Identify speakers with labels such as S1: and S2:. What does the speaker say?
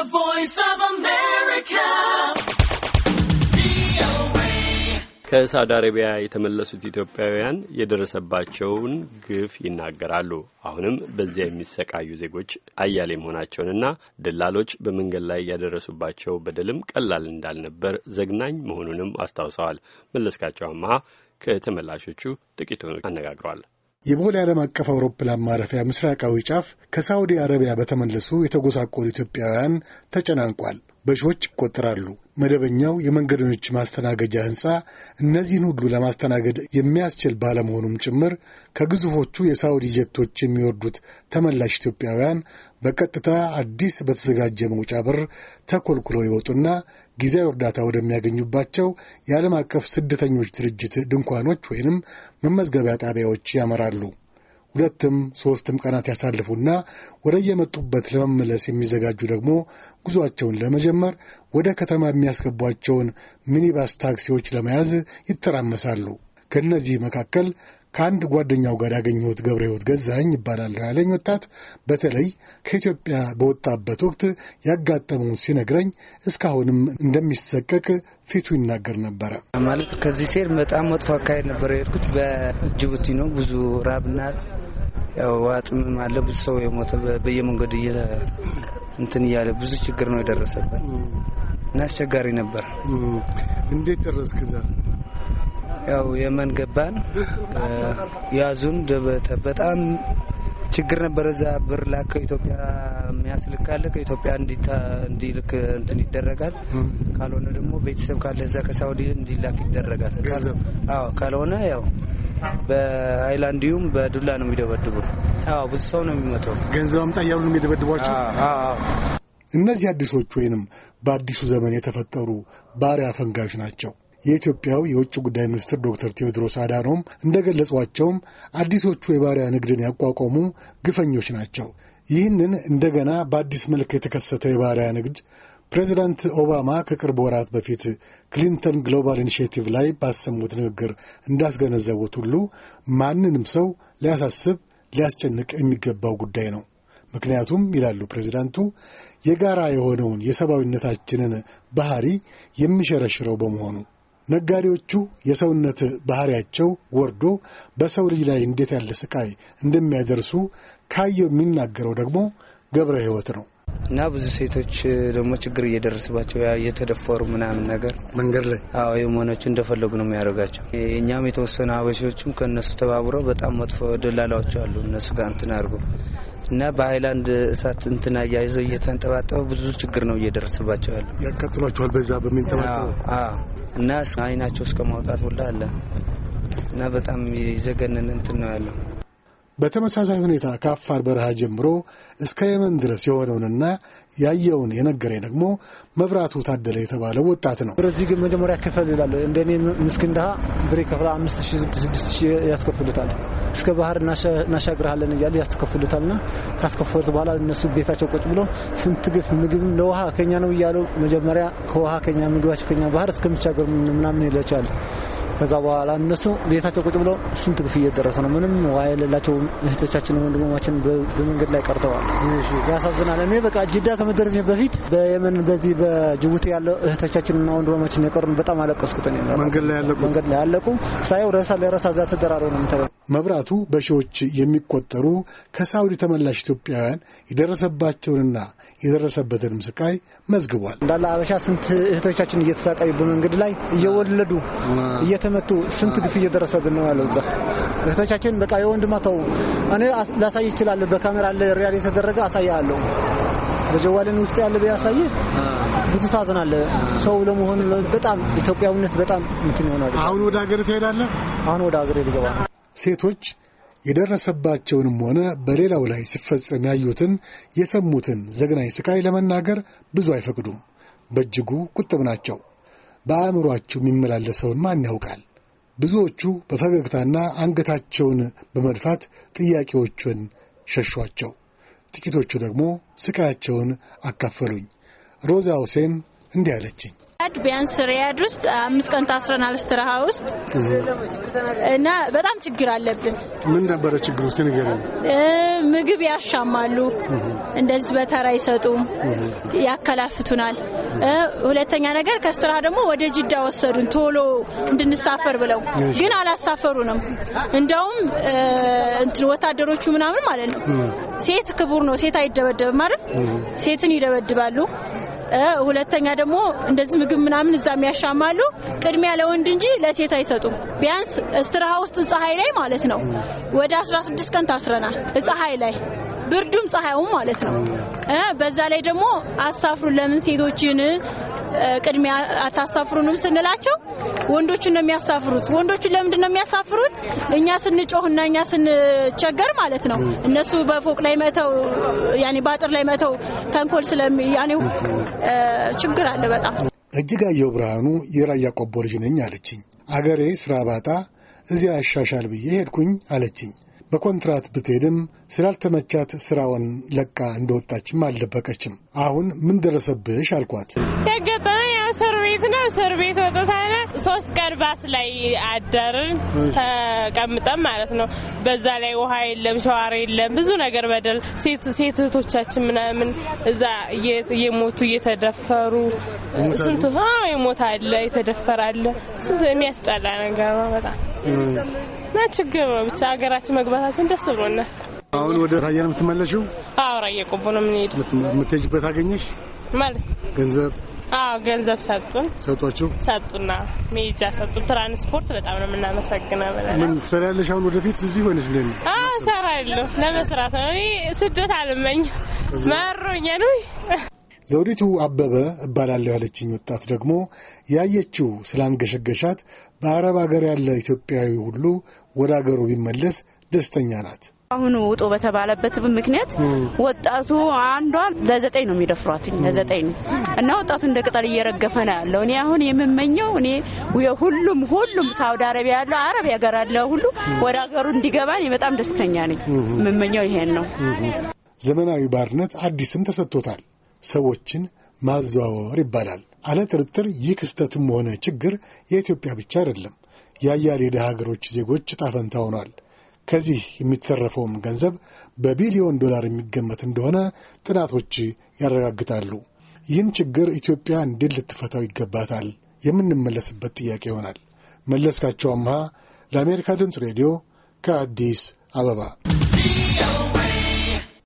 S1: The Voice of America.
S2: ከሳውዲ አረቢያ የተመለሱት ኢትዮጵያውያን የደረሰባቸውን ግፍ ይናገራሉ። አሁንም በዚያ የሚሰቃዩ ዜጎች አያሌ መሆናቸውንና ደላሎች በመንገድ ላይ ያደረሱባቸው በደልም ቀላል እንዳልነበር ዘግናኝ መሆኑንም አስታውሰዋል። መለስካቸው አመሃ ከተመላሾቹ ጥቂቱን አነጋግሯል።
S3: የቦሌ ዓለም አቀፍ አውሮፕላን ማረፊያ ምስራቃዊ ጫፍ ከሳዑዲ አረቢያ በተመለሱ የተጎሳቆሉ ኢትዮጵያውያን ተጨናንቋል። በሺዎች ይቆጠራሉ። መደበኛው የመንገደኞች ማስተናገጃ ህንፃ እነዚህን ሁሉ ለማስተናገድ የሚያስችል ባለመሆኑም ጭምር ከግዙፎቹ የሳውዲ ጀቶች የሚወርዱት ተመላሽ ኢትዮጵያውያን በቀጥታ አዲስ በተዘጋጀ መውጫ በር ተኮልኩለው ይወጡና ጊዜያዊ እርዳታ ወደሚያገኙባቸው የዓለም አቀፍ ስደተኞች ድርጅት ድንኳኖች ወይንም መመዝገቢያ ጣቢያዎች ያመራሉ። ሁለትም ሦስትም ቀናት ያሳልፉና ወደ የመጡበት ለመመለስ የሚዘጋጁ ደግሞ ጉዞአቸውን ለመጀመር ወደ ከተማ የሚያስገቧቸውን ሚኒባስ ታክሲዎች ለመያዝ ይተራመሳሉ። ከእነዚህ መካከል ከአንድ ጓደኛው ጋር ያገኘሁት ገብረ ሕይወት ገዛኝ ይባላለሁ ያለኝ ወጣት በተለይ ከኢትዮጵያ በወጣበት ወቅት ያጋጠመውን ሲነግረኝ እስካሁንም እንደሚሰቀቅ ፊቱ ይናገር ነበረ።
S2: ማለት ከዚህ ሴር በጣም መጥፎ አካሄድ ነበር የሄድኩት። በጅቡቲ ነው ብዙ ራብና ያው አጥምም አለ ብዙ ሰው የሞተ በየመንገዱ እንትን እያለ ብዙ ችግር ነው የደረሰበት እና አስቸጋሪ ነበር። እንዴት ደረስክ እዛ? ያው የመን ገባን ያዙን። በጣም ችግር ነበረ። እዛ ብር ላክ ከኢትዮጵያ የሚያስልክ ከኢትዮጵያ እንዲልክ እንትን ይደረጋል። ካልሆነ ደግሞ ቤተሰብ ካለ እዛ ከሳውዲ እንዲላክ ይደረጋል። አዎ ካልሆነ ያው በአይላንዲዩም በዱላ ነው የሚደበድቡ። አዎ ብዙ ሰው ነው የሚመጣው። ገንዘብ አምጣ እያሉ ነው የሚደበድቧቸው። እነዚህ
S3: አዲሶች ወይንም በአዲሱ ዘመን የተፈጠሩ ባሪያ ፈንጋዮች ናቸው። የኢትዮጵያው የውጭ ጉዳይ ሚኒስትር ዶክተር ቴዎድሮስ አዳኖም እንደገለጿቸውም አዲሶቹ የባሪያ ንግድን ያቋቋሙ ግፈኞች ናቸው። ይህንን እንደገና በአዲስ መልክ የተከሰተ የባሪያ ንግድ ፕሬዚዳንት ኦባማ ከቅርብ ወራት በፊት ክሊንተን ግሎባል ኢኒሽቲቭ ላይ ባሰሙት ንግግር እንዳስገነዘቡት ሁሉ ማንንም ሰው ሊያሳስብ፣ ሊያስጨንቅ የሚገባው ጉዳይ ነው። ምክንያቱም ይላሉ ፕሬዚዳንቱ፣ የጋራ የሆነውን የሰብአዊነታችንን ባህሪ የሚሸረሽረው በመሆኑ ነጋዴዎቹ የሰውነት ባህሪያቸው ወርዶ በሰው ልጅ ላይ እንዴት ያለ ስቃይ እንደሚያደርሱ ካየው የሚናገረው ደግሞ ገብረ ህይወት ነው።
S2: እና ብዙ ሴቶች ደግሞ ችግር እየደረስባቸው እየተደፈሩ ምናምን ነገር መንገድ ላይ አዎ የመሆናቸው እንደፈለጉ ነው የሚያደርጋቸው። እኛም የተወሰነ ሀበሾችም ከእነሱ ተባብረው በጣም መጥፎ ደላላዎች አሉ እነሱ ጋር እንትን አድርጎ እና በሀይላንድ እሳት እንትን አያይዘው እየተንጠባጠበ ብዙ ችግር ነው እየደረሰባቸው ያለ። ያቃጥሏቸዋል በዛ በሚንጠባጠበ እና አይናቸው እስከ ማውጣት ሁላ አለ እና በጣም የዘገነን እንትን ነው ያለው።
S3: በተመሳሳይ ሁኔታ ከአፋር በረሃ ጀምሮ እስከ የመን ድረስ የሆነውንና ያየውን
S4: የነገረኝ ደግሞ መብራቱ ታደለ የተባለው ወጣት ነው። ስለዚህ ግን መጀመሪያ ክፈል ይላሉ። እኔ ምስኪን ድሃ ብሬ ከፍላ አምስት ሺ ስድስት ሺ ያስከፍሉታል። እስከ ባህር እናሻግርሃለን እያሉ ና ካስከፈሉት በኋላ እነሱ ቤታቸው ቁጭ ብሎ ስንት ግፍ ምግብ ለውሃ ከኛ ነው እያሉ መጀመሪያ ከውሃ ከኛ ምግባቸው ከኛ ባህር እስከሚሻገር ምናምን ይለቻል ከዛ በኋላ እነሱ ቤታቸው ቁጭ ብለው ስንት ግፍ እየደረሰ ነው። ምንም ዋይ የሌላቸው እህቶቻችን ወንድሞቻችን በመንገድ ላይ ቀርተዋል። ያሳዝናል። እኔ በቃ ጅዳ ከመደረሴ በፊት በየመን በዚህ በጅቡቲ ያለው እህቶቻችንና ወንድሞቻችን የቀሩን በጣም አለቀስኩት። መንገድ ላይ ያለቁ ሳየው ረሳ ለረሳ ዛ ተደራረው ነው የምትለው መብራቱ በሺዎች የሚቆጠሩ
S3: ከሳውዲ ተመላሽ ኢትዮጵያውያን የደረሰባቸውንና የደረሰበትንም ስቃይ
S4: መዝግቧል። እንዳለ አበሻ ስንት እህቶቻችን እየተሳቃዩ በመንገድ ላይ እየወለዱ እየተመቱ ስንት ግፍ እየደረሰብን ነው ያለው። እዛ እህቶቻችን በቃ ተው እኔ ላሳይ ይችላል። በካሜራ አለ ሪያል የተደረገ አሳያለሁ። በጀዋልን ውስጥ ያለ ቢያሳይ ብዙ ታዝናለህ። ሰው ለመሆኑ በጣም ኢትዮጵያዊነት በጣም እንትን ይሆናል። አሁን ወደ ሀገር ትሄዳለ? አሁን ወደ ሀገር ልገባ ነው። ሴቶች የደረሰባቸውንም
S3: ሆነ በሌላው ላይ ሲፈጸም ያዩትን የሰሙትን ዘግናኝ ስቃይ ለመናገር ብዙ አይፈቅዱም። በእጅጉ ቁጥብ ናቸው። በአእምሯችሁ የሚመላለሰውን ማን ያውቃል? ብዙዎቹ በፈገግታና አንገታቸውን በመድፋት ጥያቄዎቹን ሸሿቸው። ጥቂቶቹ ደግሞ ስቃያቸውን አካፈሉኝ። ሮዛ ሁሴን እንዲህ አለችኝ።
S1: ሪያድ ቢያንስ ሪያድ ውስጥ አምስት ቀን ታስረናል፣ ስትራሃ ውስጥ እና በጣም ችግር አለብን።
S3: ምን ነበረ ችግር ውስጥ ንገረኝ።
S1: ምግብ ያሻማሉ፣ እንደዚህ በተራ አይሰጡም፣ ያከላፍቱናል። ሁለተኛ ነገር ከስትራሃ ደግሞ ወደ ጅዳ ወሰዱን ቶሎ እንድንሳፈር ብለው፣ ግን አላሳፈሩንም። እንደውም ወታደሮቹ ምናምን ማለት ነው ሴት ክቡር ነው ሴት አይደበደብም አይደል? ሴትን ይደበድባሉ። ሁለተኛ ደግሞ እንደዚህ ምግብ ምናምን እዛም ያሻማሉ። ቅድሚያ ለወንድ እንጂ ለሴት አይሰጡም። ቢያንስ እስትራሃ ውስጥ ፀሐይ ላይ ማለት ነው ወደ 16 ቀን ታስረናል። ፀሐይ ላይ ብርዱም ፀሐዩም ማለት ነው። በዛ ላይ ደግሞ አሳፍሩ ለምን ሴቶችን ቅድሚያ አታሳፍሩንም ስንላቸው ወንዶቹን ነው የሚያሳፍሩት። ወንዶቹ ለምንድን ነው የሚያሳፍሩት? እኛ ስንጮህና እኛ ስንቸገር ማለት ነው። እነሱ በፎቅ ላይ መተው ያኔ በአጥር ላይ መተው ተንኮል ስለሚ ያኔ ችግር አለ በጣም።
S3: እጅጋየሁ ብርሃኑ የራያ ቆቦ ልጅ ነኝ አለችኝ። አገሬ ስራ ባጣ እዚያ ያሻሻል ብዬ ሄድኩኝ አለችኝ። በኮንትራት ብትሄድም ስላልተመቻት ስራውን ለቃ እንደወጣችም አልደበቀችም። አሁን ምን ደረሰብሽ አልኳት።
S1: ያጋጠመ እስር ቤት ነው። እስር ቤት ወጥታለ ሶስት ቀን ባስ ላይ አደርን ተቀምጠን ማለት ነው። በዛ ላይ ውሃ የለም፣ ሸዋር የለም፣ ብዙ ነገር በደል ሴት እህቶቻችን ምናምን እዛ እየሞቱ እየተደፈሩ ስንት የሞት አለ የተደፈራለ ስንት የሚያስጠላ ነገር ነው በጣም እና ችግር ነው ብቻ ሀገራችን መግባታችን ደስ ብሎናል።
S3: አሁን ወደ ራያ ነው የምትመለሽው?
S1: አዎ ራያ ቆቦ ነው የምንሄድ።
S3: የምትሄጅበት አገኘሽ ማለት ገንዘብ?
S1: አዎ ገንዘብ ሰጡን። ሰጧችሁ? ሰጡና ሜጃ ሰጡን። ትራንስፖርት በጣም ነው የምናመሰግነው ብለናል።
S3: ምን ትሰሪያለሽ አሁን ወደፊት እዚህ ወይንስ እንዴት ነው?
S1: አዎ እሰራለሁ፣ ለመስራት ነው። እኔ ስደት አልመኝ መሮኛ ነው
S3: ዘውዲቱ አበበ እባላለሁ ያለችኝ ወጣት ደግሞ ያየችው ስላንገሸገሻት በአረብ ሀገር ያለ ኢትዮጵያዊ ሁሉ ወደ አገሩ ቢመለስ ደስተኛ ናት።
S1: አሁን ውጡ በተባለበት ምክንያት ወጣቱ አንዷ ለዘጠኝ ነው የሚደፍሯት፣ ለዘጠኝ ነው እና ወጣቱ እንደ ቅጠል እየረገፈ ነው ያለው። እኔ አሁን የምመኘው እኔ ሁሉም ሁሉም ሳውዲ አረቢያ ያለው አረብ ሀገር አለ ሁሉ ወደ ሀገሩ እንዲገባ እኔ በጣም ደስተኛ ነኝ። የምመኘው ይሄን ነው።
S3: ዘመናዊ ባርነት አዲስም ተሰጥቶታል፣ ሰዎችን ማዘዋወር ይባላል። አለ ጥርጥር ይህ ክስተትም ሆነ ችግር የኢትዮጵያ ብቻ አይደለም። የአያሌ ድሃ ሀገሮች ዜጎች ዕጣ ፈንታ ሆኗል። ከዚህ የሚተረፈውም ገንዘብ በቢሊዮን ዶላር የሚገመት እንደሆነ ጥናቶች ያረጋግጣሉ። ይህን ችግር ኢትዮጵያ እንዴት ልትፈታው ይገባታል? የምንመለስበት ጥያቄ ይሆናል። መለስካቸው አምሃ ለአሜሪካ ድምፅ ሬዲዮ ከአዲስ አበባ